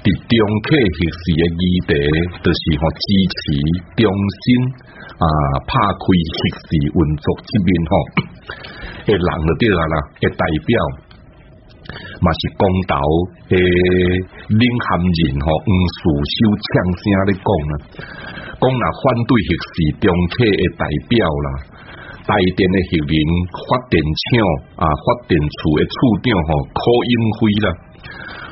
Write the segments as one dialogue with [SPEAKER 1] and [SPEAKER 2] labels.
[SPEAKER 1] 對，重啟核四嘅議題，就是我支持、中心啊，拍開核四運作之面吼，誒，人就啲啦啦嘅代表，嘛是公投誒，領銜人吼，黃士修唱聲咧講啦，講啦反對核四重啟誒代表啦，台電嘅人民發電廠啊，發電處誒處長吼，柯英輝啦。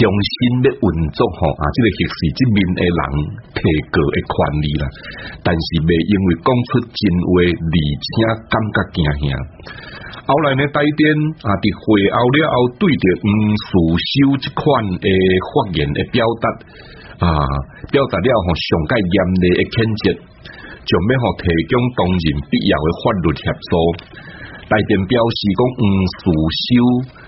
[SPEAKER 1] 重新嘅運作，吓，啊，即個涉事一面嘅人，提高嘅權利啦。但是未因為講出為真話，而且感覺驚嚇。後來呢，大電啊，啲會後了後，對着毋素修這款嘅發言嘅表達，啊，表達了上屆嚴厲嘅譴責，就要可提供當然必要嘅法律協助。來電表示講毋素修。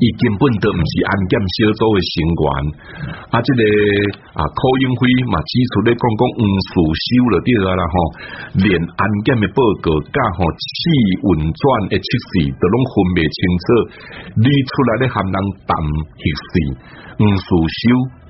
[SPEAKER 1] 伊根本都毋是安檢小組誒成員，啊，即、這個啊，柯永輝嘛，指、哦哦、出咧講講唔熟悉，咯啲啦啦吼，連安檢誒報告甲吼試運轉誒測試都攏分未清楚，你出來咧含人談缺失唔熟悉。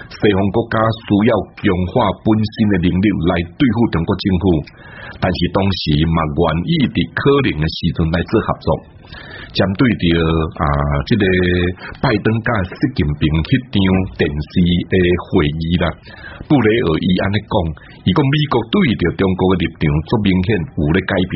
[SPEAKER 1] 西方國家需要強化本身的能力來對付中國政府，但是當時嘛願意喺可能嘅時陣來做合作。針對着啊，即、這個拜登甲習近平迄場電視嘅會議啦，布雷爾伊安尼講，伊講美國對着中國嘅立場，足明顯有咧改變。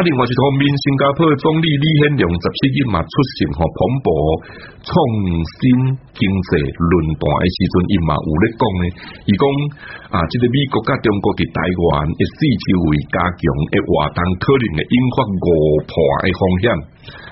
[SPEAKER 1] 另外就同面新加坡總理李顯龍，十七日嘛出席和彭博創新經濟論壇嘅時陣，伊嘛有啲講咧，伊講啊，即係美國甲、中國嘅台灣，一施招會加強一活動，可能嘅引發誤判嘅風險。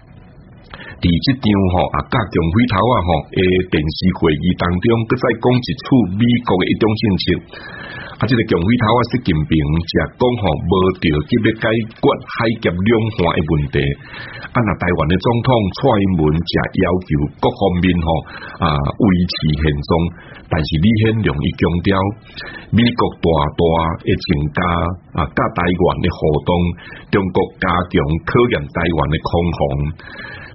[SPEAKER 1] 地接場嗬，阿加頭啊，誒，電視會議當中，佢再講一次美國嘅一種信息，啊，即係強回頭啊，習近平即講嗬，無條件要解決海峽兩岸嘅問題。啊，台灣嘅總統蔡英文係要，要求各方面維持現狀，但是李顯榮亦強調，美國大大一增加，啊，台灣個嘅活動，中國加強科研台灣嘅抗衡。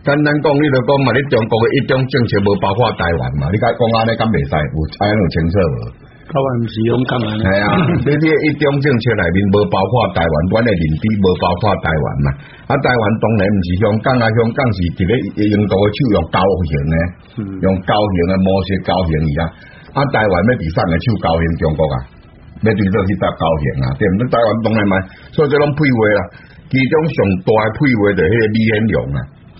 [SPEAKER 1] 簡單講你著講嘛，你中國誒一中政策無包括台灣嘛？你甲講安尼敢袂使，有安尼有清楚。台灣毋是香港。係啊，你呢一中政策內面無包括台灣，阮誒領土無包括台灣嘛？啊，台灣當然毋是香港啊，香港是佇咧英國誒手用交型咧，用交型誒模式交型而啊。啊，台灣要第三嘅手交型？中國要啊，咩叫做呢搭交型啊？毋？解台灣當然嘛，所以即種配話啊，其中上大嘅配話著迄個李彥龍啊。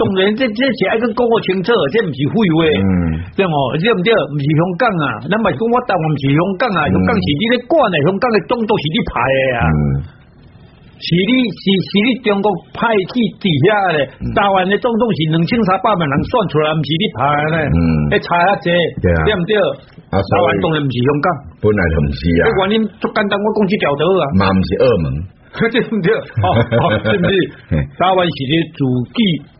[SPEAKER 2] 當然，即即個是愛講個清楚，即唔是廢話。嗯，對，唔知唔對，唔是香港啊，你麼講我台灣唔是香港啊？嗯、香港是啲咩官嚟？香港的總統是啲派的
[SPEAKER 3] 啊，
[SPEAKER 2] 嗯、是啲是是啲中國派去地下嚟，台灣的總統是兩千三百萬人算出來，唔是啲派咧，一、嗯、查一借，知唔對、啊啊。台灣當然唔是香港，
[SPEAKER 1] 本來唔是啊，你話
[SPEAKER 2] 你足簡單我講一條就好啊，唔是澳門，知 唔對嗎、 哦哦 是不是，台灣是啲祖籍。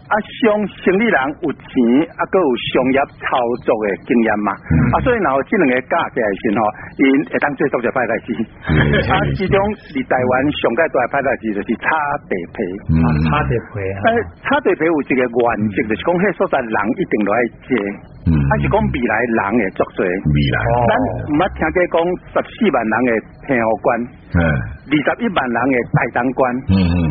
[SPEAKER 4] 啊，商生意人有錢，啊，佮有商業操作的經驗嘛、嗯，啊，所以然後這兩個加起來是吼，因會當最一就拍大事。啊，這種佇台灣上界大係拍大事，就是差地皮，差地皮啊。差地皮、啊、有一個原則、嗯，就是講迄所在人一定落來接，還、嗯啊就是講未來的人也作數。未來，咱唔好聽見講十四萬人嘅平和關，二十一萬人嘅大東關。嗯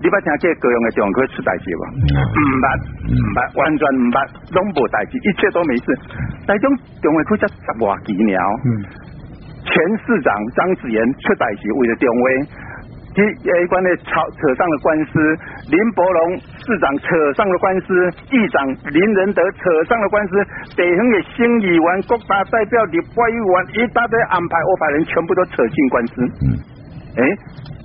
[SPEAKER 4] 你把聽這各樣的狀況出代志，唔捌唔捌，完全唔捌，攏無代志，一切都沒事。那種兩會出只十偌幾秒，
[SPEAKER 3] 嗯，
[SPEAKER 4] 前市長張子妍出代志，為了兩會，他誒、哎、關咧扯扯上了官司，林柏龍市長扯上了官司，議長林仁德扯上了官司，地方嘅新議員、國大代表、立法院一大堆安排安排人全部都扯進官司，嗯，誒、欸。